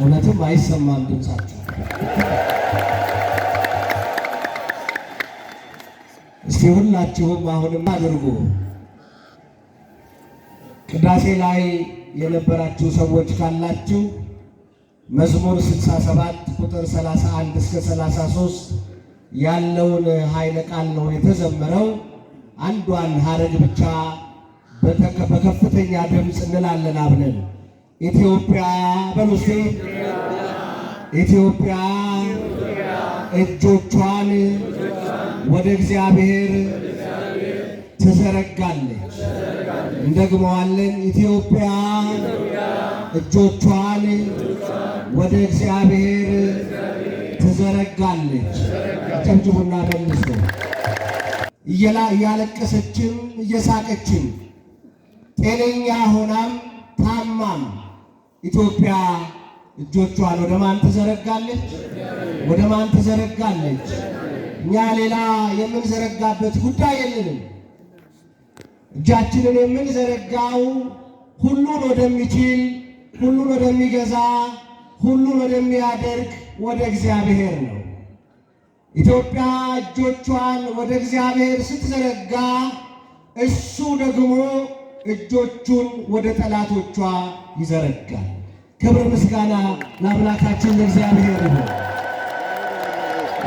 እውነትም አይሰማም ድምፃቸው። እስቲ ሁላችሁም አሁንም አድርጉ። ቅዳሴ ላይ የነበራችሁ ሰዎች ካላችሁ መዝሙር 67 ቁጥር 31 እስከ 33 ያለውን ኃይለ ቃል ነው የተዘመረው። አንዷን ሀረግ ብቻ በከፍተኛ ድምፅ እንላለን አብነን ኢትዮጵያ በሉሴ ኢትዮጵያ እጆቿን ወደ እግዚአብሔር ትዘረጋለች። እንደግመዋለን። ኢትዮጵያ እጆቿን ወደ እግዚአብሔር ትዘረጋለች። ጨብጭቡና መልስ ነው። እያለቀሰችም እየሳቀችም ጤነኛ ሆናም ታማም ኢትዮጵያ እጆቿን ወደ ማን ትዘረጋለች? ወደ ማን ትዘረጋለች? እኛ ሌላ የምንዘረጋበት ጉዳይ የለንም። እጃችንን የምንዘረጋው ሁሉን ወደሚችል፣ ሁሉን ወደሚገዛ፣ ሁሉን ወደሚያደርግ ወደ እግዚአብሔር ነው። ኢትዮጵያ እጆቿን ወደ እግዚአብሔር ስትዘረጋ እሱ ደግሞ እጆቹን ወደ ጠላቶቿ ይዘረጋል። ክብር ምስጋና ለአምላካችን ለእግዚአብሔር ይሁን።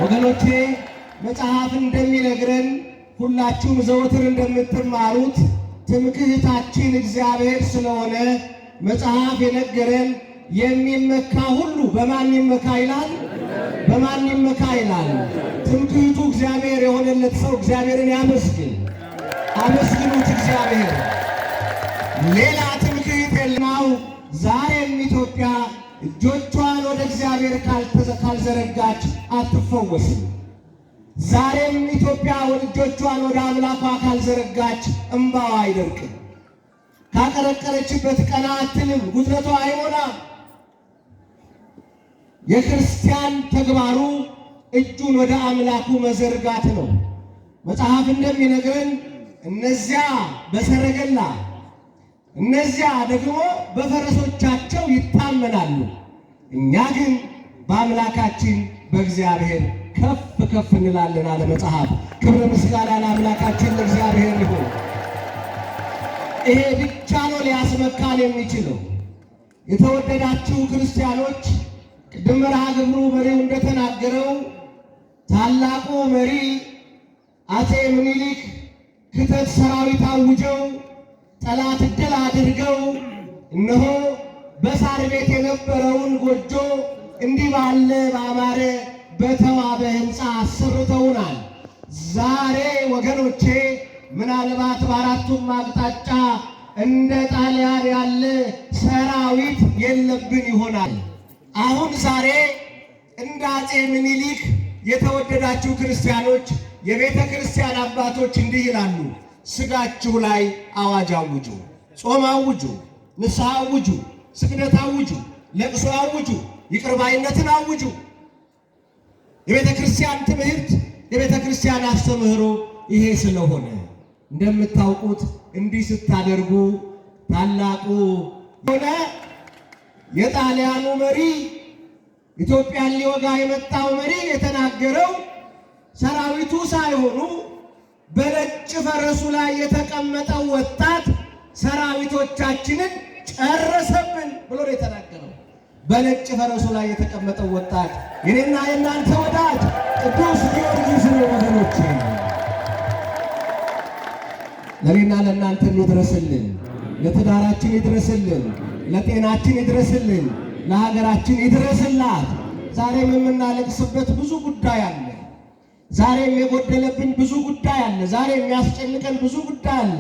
ወገኖቼ መጽሐፍ እንደሚነግረን ሁላችሁም ዘውትር እንደምትማሩት ትምክህታችን እግዚአብሔር ስለሆነ መጽሐፍ የነገረን የሚመካ ሁሉ በማን ይመካ ይላል? በማን ይመካ ይላል? ትምክህቱ እግዚአብሔር የሆነለት ሰው እግዚአብሔርን ያመስግን። አመስግኑት እግዚአብሔር ሌላ ትምክህት የለውም። ዛሬም ኢትዮጵያ እጆቿን ወደ እግዚአብሔር ካልዘረጋች አትፈወስም። ዛሬም ኢትዮጵያ እጆቿን ወደ አምላኳ ካልዘረጋች እምባዋ አይደርቅም። ካቀረቀረችበት ቀና አትልም፣ ጉድለቷ አይሞላም። የክርስቲያን ተግባሩ እጁን ወደ አምላኩ መዘርጋት ነው። መጽሐፍ እንደሚነግረን እነዚያ በሰረገላ እነዚያ ደግሞ በፈረሶቻቸው ይታመናሉ፣ እኛ ግን በአምላካችን በእግዚአብሔር ከፍ ከፍ እንላለን አለ መጽሐፍ። ክብረ ምስጋና ለአምላካችን ለእግዚአብሔር ይሁን። ይሄ ብቻ ነው ሊያስመካን የሚችለው። የተወደዳችሁ ክርስቲያኖች፣ ቅድም መርሃ ግብሩ መሪው እንደተናገረው ታላቁ መሪ አፄ ምኒልክ ክተት ሰራዊት አውጀው ጠላት ድል አድርገው እነሆ በሳር ቤት የነበረውን ጎጆ እንዲህ ባለ ባማረ በተዋበ ሕንፃ አሰርተውናል። ዛሬ ወገኖቼ ምናልባት በአራቱም አቅጣጫ እንደ ጣሊያን ያለ ሰራዊት የለብን ይሆናል። አሁን ዛሬ እንደ አጼ ምኒልክ የተወደዳችሁ ክርስቲያኖች፣ የቤተ ክርስቲያን አባቶች እንዲህ ይላሉ ስጋችሁ ላይ አዋጅ አውጁ፣ ጾም አውጁ፣ ንስሐ አውጁ፣ ስግደት አውጁ፣ ለቅሶ አውጁ፣ ይቅርባይነትን አውጁ። የቤተ ክርስቲያን ትምህርት የቤተ ክርስቲያን አስተምህሮ ይሄ ስለሆነ እንደምታውቁት እንዲህ ስታደርጉ ታላቁ ሆነ የጣሊያኑ መሪ ኢትዮጵያን ሊወጋ የመጣው መሪ የተናገረው ሰራዊቱ ሳይሆኑ በነጭ ፈረሱ ላይ የተቀመጠው ወጣት ሰራዊቶቻችንን ጨረሰብን ብሎ ነው የተናገረው። በነጭ ፈረሱ ላይ የተቀመጠው ወጣት የኔና የእናንተ ወዳጅ ቅዱስ ጊዮርጊስ ነው። ወገኖች ለኔና ለእናንተ ይድረስልን፣ ለትዳራችን ይድረስልን፣ ለጤናችን ይድረስልን፣ ለሀገራችን ይድረስላት። ዛሬም የምናለቅስበት ብዙ ጉዳይ አለ። ዛሬም የጎደለብን ብዙ ጉዳይ አለ። ዛሬ የሚያስጨንቀን ብዙ ጉዳይ አለ።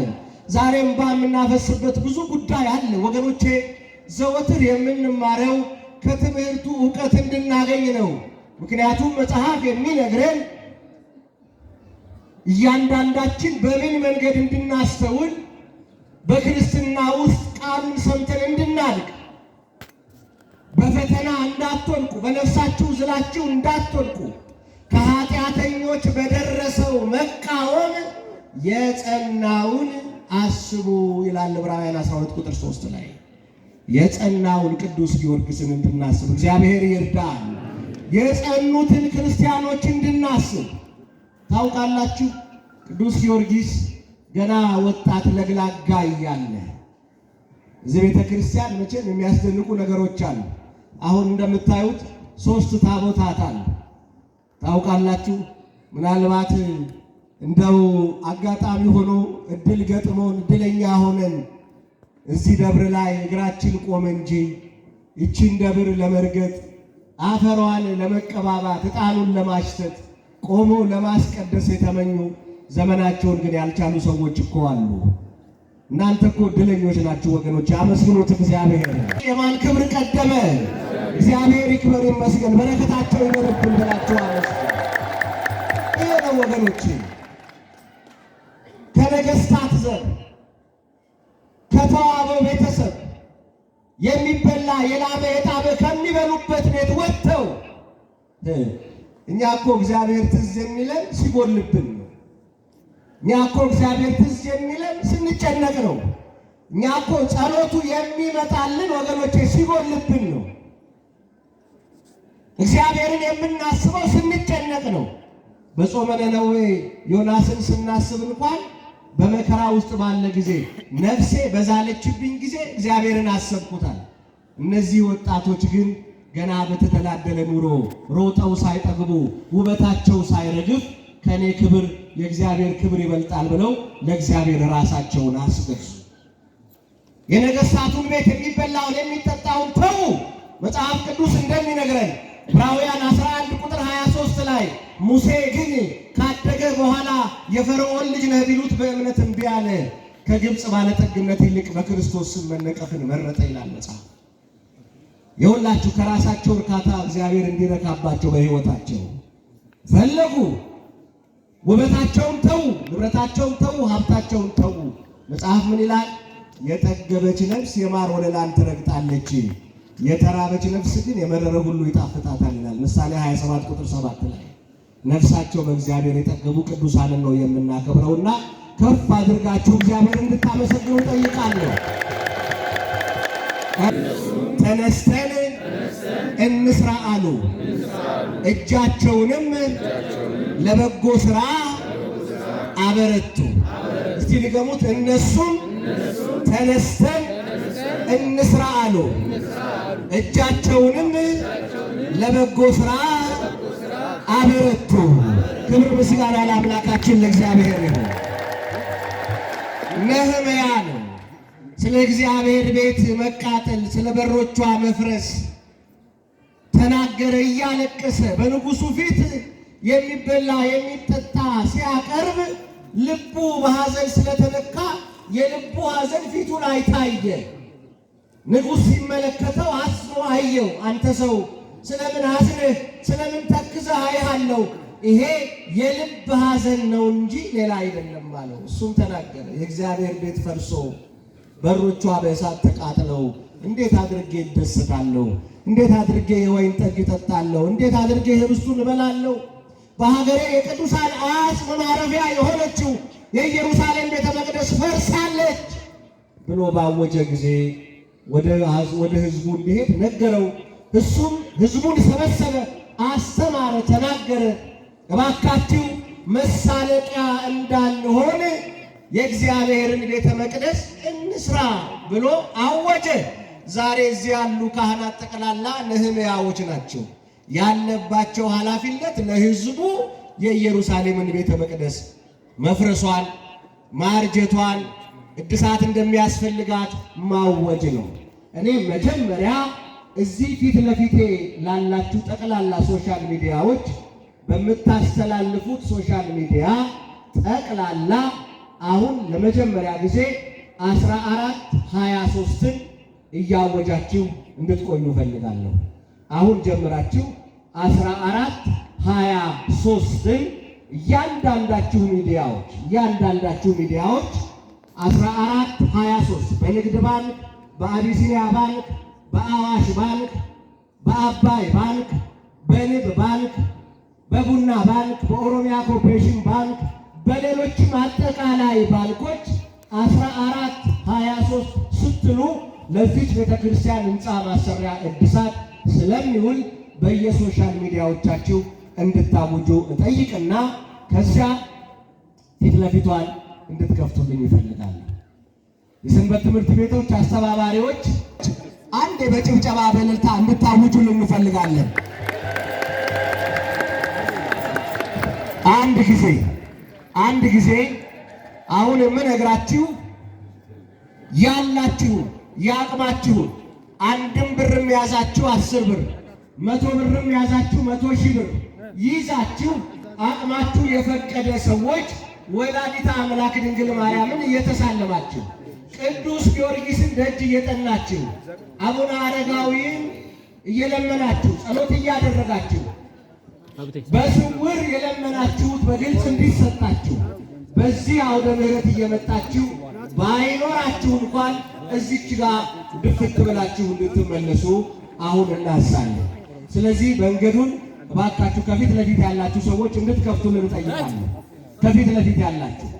ዛሬ እንባ የምናፈስበት ብዙ ጉዳይ አለ። ወገኖቼ ዘወትር የምንማረው ከትምህርቱ እውቀት እንድናገኝ ነው። ምክንያቱም መጽሐፍ የሚነግረን እያንዳንዳችን በምን መንገድ እንድናስተውል በክርስትና ውስጥ ቃሉን ሰምተን እንድናልቅ በፈተና እንዳትወልቁ፣ በነፍሳችሁ ዝላችሁ እንዳትወልቁ ኃጢአተኞች በደረሰው መቃወም የጸናውን አስቡ ይላል ዕብራውያን 12 ቁጥር 3 ላይ የጸናውን ቅዱስ ጊዮርጊስን እንድናስብ እግዚአብሔር ይርዳል። የጸኑትን ክርስቲያኖች እንድናስብ ታውቃላችሁ፣ ቅዱስ ጊዮርጊስ ገና ወጣት ለግላጋ እያለ እዚህ ቤተ ክርስቲያን መቼም የሚያስደንቁ ነገሮች አሉ። አሁን እንደምታዩት ሶስት ታቦታት አሉ። ታውቃላችሁ። ምናልባት እንደው አጋጣሚ ሆኖ እድል ገጥሞን እድለኛ ሆነን እዚህ ደብር ላይ እግራችን ቆመ እንጂ ይቺን ደብር ለመርገጥ አፈሯን ለመቀባባት ዕጣኑን ለማሽተት ቆሞ ለማስቀደስ የተመኙ ዘመናቸውን ግን ያልቻሉ ሰዎች እኮ አሉ። እናንተ እኮ እድለኞች ናችሁ ወገኖች፣ አመስግኑት እግዚአብሔር። የማን ክብር ቀደመ? እግዚአብሔር ይክበር ይመስገን፣ በረከታቸው ይደርብን ብላችሁ አመስግኑ። ወገኖቼ ከነገስታት ዘር ከተዋበው ቤተሰብ የሚበላ የላበ የጣበ ከሚበሉበት ቤት ወጥተው እኛ እኮ እግዚአብሔር ትዝ የሚለን ሲጎልብን ነው። እኛ እኮ እግዚአብሔር ትዝ የሚለን ስንጨነቅ ነው። እኛ እኮ ጸሎቱ የሚመጣልን ወገኖቼ ሲጎልብን ነው። እግዚአብሔርን የምናስበው ስንጨነቅ ነው። በጾመ ነነዌ ዮናስን ስናስብ እንኳን በመከራ ውስጥ ባለ ጊዜ ነፍሴ በዛለችብኝ ጊዜ እግዚአብሔርን አሰብኩታል። እነዚህ ወጣቶች ግን ገና በተደላደለ ኑሮ ሮጠው ሳይጠግቡ ውበታቸው ሳይረግፍ ከእኔ ክብር የእግዚአብሔር ክብር ይበልጣል ብለው ለእግዚአብሔር ራሳቸውን አስገዙ። የነገሥታቱን ቤት የሚበላውን የሚጠጣውን ተዉ። መጽሐፍ ቅዱስ እንደሚነግረን ዕብራውያን 11 ቁጥር 23 ላይ ሙሴ ግን ካደገ በኋላ የፈርዖን ልጅ ነህ ቢሉት በእምነት እምቢ አለ፣ ከግብፅ ባለጠግነት ይልቅ በክርስቶስ ስም መነቀፍን መረጠ ይላል መጽሐፍ። የሁላችሁ ከራሳቸው እርካታ እግዚአብሔር እንዲረካባቸው በሕይወታቸው ፈለጉ። ውበታቸውን ተዉ፣ ንብረታቸውን ተዉ፣ ሀብታቸውን ተዉ። መጽሐፍ ምን ይላል? የጠገበች ነፍስ የማር ወለላን ትረግጣለች። የተራበች ነፍስ ግን የመረረ ሁሉ ይጣፍጣታል ይላል ምሳሌ 27 ቁጥር 7 ላይ ነፍሳቸው በእግዚአብሔር የጠገቡ ቅዱሳንን ነው የምናከብረውና ከፍ አድርጋችሁ እግዚአብሔር እንድታመሰግኑ ጠይቃለሁ። ተነስተን እንስራ አሉ፣ እጃቸውንም ለበጎ ስራ አበረቱ። እስቲ ድገሙት። እነሱም ተነስተን እንስራ አሉ። እጃቸውንም ለበጎ ስራ አበረቱ። ክብር ምስጋና ለአምላካችን ለእግዚአብሔር ይሁን። ነህምያ ነው ስለ እግዚአብሔር ቤት መቃጠል፣ ስለ በሮቿ መፍረስ ተናገረ እያለቀሰ በንጉሱ ፊት የሚበላ የሚጠጣ ሲያቀርብ ልቡ በሐዘን ስለተነካ የልቡ ሐዘን ፊቱን አይታየ ንጉሥ ሲመለከተው አስኖ አየው። አንተ ሰው ስለምን ሐዘንህ ስለምን ተክዘህ አያለሁ? ይሄ የልብ ሐዘን ነው እንጂ ሌላ አይደለም አለው። እሱም ተናገረ። የእግዚአብሔር ቤት ፈርሶ በሮቿ በእሳት ተቃጥለው እንዴት አድርጌ ይደሰታለሁ? እንዴት አድርጌ የወይን ጠጅ እጠጣለሁ? እንዴት አድርጌ ህብስቱን እበላለሁ? በሀገሬ የቅዱሳን አያት መማረፊያ የሆነችው የኢየሩሳሌም ቤተ መቅደስ ፈርሳለች ብሎ ባወጀ ጊዜ ወደ ህዝቡ እንዲሄድ ነገረው። እሱም ህዝቡን ሰበሰበ፣ አስተማረ፣ ተናገረ። እባካችሁ መሳለቂያ እንዳንሆን የእግዚአብሔርን ቤተ መቅደስ እንስራ ብሎ አወጀ። ዛሬ እዚህ ያሉ ካህናት ጠቅላላ ነህምያዎች ናቸው። ያለባቸው ኃላፊነት ለህዝቡ የኢየሩሳሌምን ቤተ መቅደስ መፍረሷን ማርጀቷን እድሳት እንደሚያስፈልጋት ማወጅ ነው። እኔ መጀመሪያ እዚህ ፊት ለፊቴ ላላችሁ ጠቅላላ ሶሻል ሚዲያዎች በምታስተላልፉት ሶሻል ሚዲያ ጠቅላላ አሁን ለመጀመሪያ ጊዜ 1423ን እያወጃችሁ እንድትቆዩ ፈልጋለሁ አሁን ጀምራችሁ 1423ን እያንዳንዳችሁ ሚዲያዎች እያንዳንዳችሁ ሚዲያዎች 14 23 በንግድ ባንክ፣ በአቢሲኒያ ባንክ፣ በአዋሽ ባንክ፣ በአባይ ባንክ፣ በንብ ባንክ፣ በቡና ባንክ፣ በኦሮሚያ ኮርፖሬሽን ባንክ፣ በሌሎችም አጠቃላይ ባንኮች 14 23 ስትሉ ለዚች ቤተክርስቲያን ህንፃ ማሰሪያ እድሳት ስለሚውል በየሶሻል ሚዲያዎቻችሁ እንድታውጁ እጠይቅና ከዚያ ፊት ለፊቷን እንድትከፍቱልኝ ይፈልጋሉ። የሰንበት ትምህርት ቤቶች አስተባባሪዎች አንዴ በጭብጨባ በእልልታ እንድታውጁልን እንፈልጋለን። አንድ ጊዜ አንድ ጊዜ አሁን የምነግራችሁ ያላችሁን ያቅማችሁን አንድም ብርም የያዛችሁ አስር ብር መቶ ብርም የያዛችሁ መቶ ሺህ ብር ይዛችሁ አቅማችሁ የፈቀደ ሰዎች ወላዲተ አምላክ ድንግል ማርያምን እየተሳለማችሁ ቅዱስ ጊዮርጊስን ደጅ እየጠናችሁ አቡነ አረጋዊን እየለመናችሁ ጸሎት እያደረጋችሁ በስውር የለመናችሁት በግልጽ እንዲሰጣችሁ በዚህ አውደ ምሕረት እየመጣችሁ ባይኖራችሁ እንኳን እዚች ጋር ድፍት ብላችሁ እንድትመለሱ አሁን እናሳለን። ስለዚህ መንገዱን እባካችሁ ከፊት ለፊት ያላችሁ ሰዎች እንድትከፍቱልን እንጠይቃለን። ከፊት ለፊት ያላችሁ